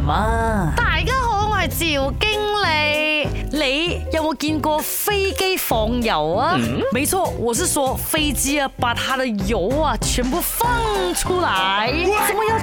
嘛，大家好，我係趙經理。你有冇見過飛機放油啊？嗯、沒錯，我是說飛機啊，把它的油啊全部放出來。